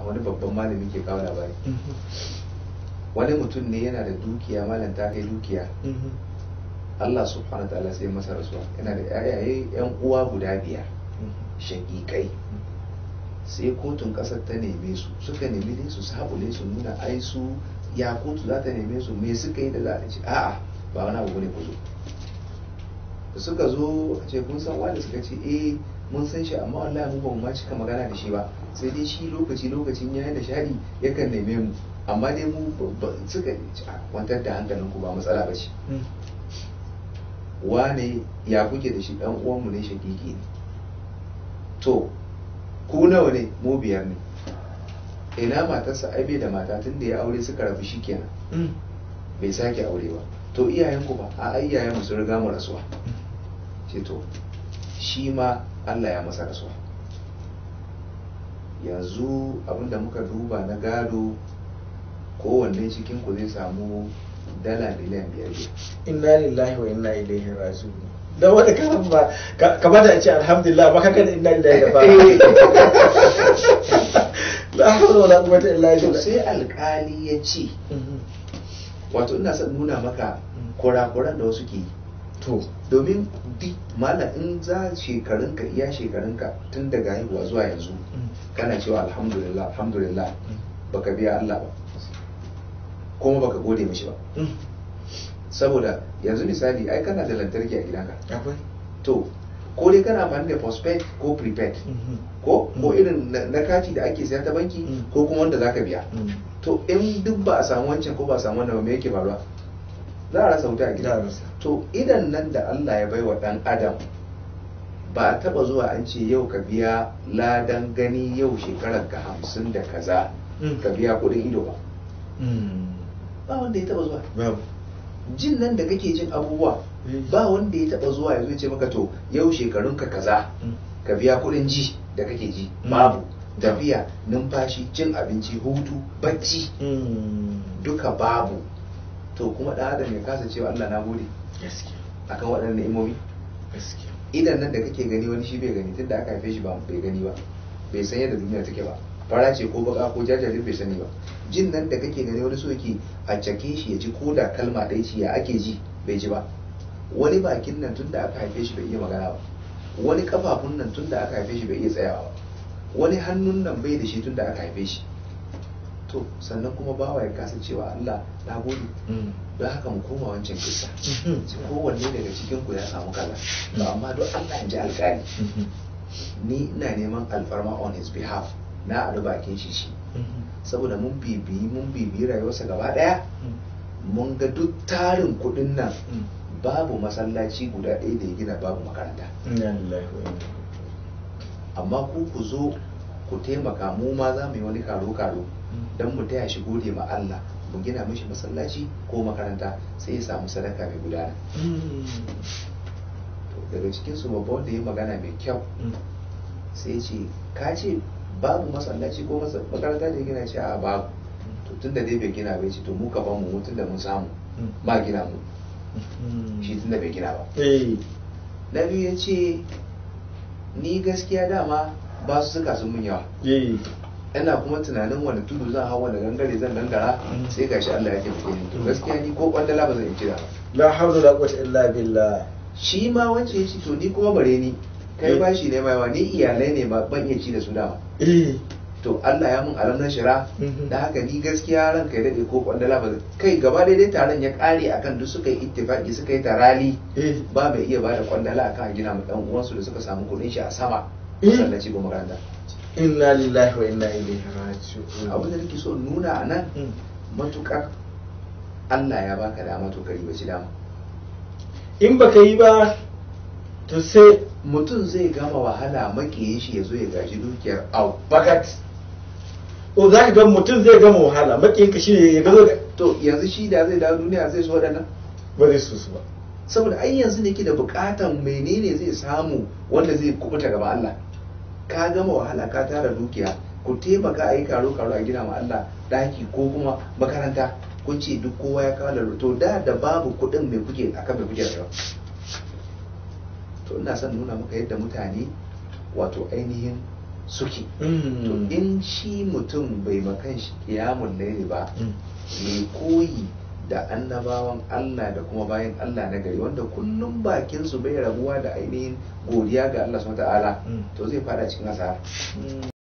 wani babban malami ke kawo labari mm-hmm. wani mutum ne yana da dukiya malam ta kai dukiya mm-hmm. Allah subhanahu ta'ala sai masa rasuwa yana da yayaye yan uwa guda biyar mm-hmm. shakikai sai kotun kasar ta neme su suka nemi ne su sabule su nuna ai ya kotu za ta neme su me suka yi da za a ce a'a ba wani abu ne ku zo da suka zo a ce kun san suka ce eh mun san shi amma wallahi mu ba mu ma cika magana da shi ba sai dai shi lokaci lokacin ya yi nishadi yakan neme mu amma dai mu suka kwantar da hankalin ku ba matsala ba ce hmm. wane ya kuke da shi dan uwanmu ne shakiki ne to ku nawa ne mu biyar ne ina matarsa ai da mata tun da ya aure suka rabu shi kenan hmm. bai sake aure ba to iyayen ku ba a iyayen su riga mu rasuwa ce hmm. to shi ma Allah ya masa rasuwa yanzu abinda muka duba na gado kowanne cikin ku zai samu dala miliyan biyar inna lillahi wa inna ilaihi raji'un da wanda ka ba ka ba da ce alhamdulillah ba kakar inna lillahi ba da eh. hawla wala quwwata illa billah sai alkali ya ce mm-hmm. wato ina son nuna maka mm-hmm. kura-kuran da wasu ke yi to domin di mala in za shekarunka iya shekarunka tun daga haihuwa zuwa yanzu kana cewa alhamdulillah alhamdulillah baka biya Allah ba kuma baka gode mishi ba mm. saboda yanzu misali ai kana da lantarki a gidanka akwai to ko dai kana amfani da prospect ko prepaid mm-hmm. ko ko mm. irin na kati da ake siya ta banki mm. ko kuma wanda zaka biya to in duk ba a samu wancan ko ba a samu wannan me yake faruwa za a rasa wuta a gida to idan nan da Allah ya baiwa dan adam ba a taba zuwa an ce yau ka biya ladan gani yau shekarar ka hamsin da kaza hmm. ka biya kudin ido ba hmm. ba wanda ya taba zuwa jin nan da kake jin abubuwa eh. ba wanda ya taba zuwa ya ce maka to yau shekarun ka kaza hmm. ka biya kudin ji da kake ji babu tafiya numfashi cin abinci hutu bacci duka babu to kuma da adam ya kasa cewa Allah na gode akan waɗannan ni'imomi idan nan da kake gani wani shi bai gani tun da aka haife shi ba bai gani ba bai san yadda duniya take ba fara ce ko baka ko jajajen bai sani ba jin nan da kake gani wani so yake a cake shi ya ji ko da kalma ɗaya ce ya ake ji bai ji ba wani bakin nan tun da aka haife shi bai iya magana ba wani kafafun nan tun da aka haife shi bai iya tsayawa ba wani hannun nan bai da shi tun da aka haife shi to sannan kuma bawa ya kasa cewa Allah na gode mm. don haka mu koma wancan kisa mm-hmm. su kowanne daga cikin ku ya samu kala. to mm-hmm. amma don Allah in ji alƙali mm-hmm. ni ina neman alfarma on his behalf na a bakin shi shi saboda mun bibiyi mun bibiyi rayuwarsa gaba daya mm. mun ga duk tarin kuɗin nan mm. babu masallaci guda ɗaya da ya gina babu makaranta amma ku ku zo ku taimaka mu ma za mu yi wani karo-karo don mu taya shi gode ma Allah mu gina mishi masallaci ko makaranta sai ya samu sadaka mai gudana hmm. daga cikin su babba wanda ya magana mai kyau hmm. sai ce ka ce babu masallaci ko makaranta da ya gina ce a babu hmm. to tun da dai bai gina bai ce to mu ka ba mu tun da mun samu ma gina mu shi tun da bai gina ba eh. na biyu ya ce ni gaskiya dama ba su suka sun mun yawa eh. Ina kuma tunanin wani tudu zan hau wani gangare zan gangara sai gashi Allah ya taimake ni gaskiya ni ko kwandala ba zan yi kira la hawla la quwwata illa billah shi ma wance yace to ni kuma bare ni kai eh. bashi ne mai ni iyalai ne ba ban iya ci da su da eh to Allah ya mun alam na shira mhm. da haka ni gaskiya ran kai dade ko kwandala ba kai gaba daidai taron ya kare akan duk suka yi ittifaki suka yi tarali eh. ba mai iya bada kwandala akan gina mu dan uwansu da suka samu kudin shi a sama eh. sallaci ba makaranta inna lillahi wa inna ilaihi raji'un abu da nake so nuna a nan hmm. matukar Allah ya baka dama to kai ba shi dama in baka yi ba to sai mutum zai gama wahala makiyin shi ya zo ya gaji dukiyar abakat o za ka ga mutum zai gama wahala makiyin ka shine ya gazo to yanzu shi da zai dawo duniya zai so nan. ba zai so su ba saboda ai yanzu ne ke da bukatan menene zai samu wanda zai kubuta gaba Allah ka gama wahala ka tara dukiya ku taimaka a yi karo karo a gina ma Allah daki ko kuma makaranta kun ce duk kowa ya kawo to da da babu kuɗin mai kuke kan mai kuke rayuwa to ina son nuna maka yadda mutane wato ainihin suke mm. in shi mutum bai makan shi kiyamun ne ba mai mm. koyi da annabawan Allah da kuma bayan Allah na gari wanda kullum bakin su bai rabuwa da ainihin godiya ga Allah su wataala mm. to zai fada cikin asara mm.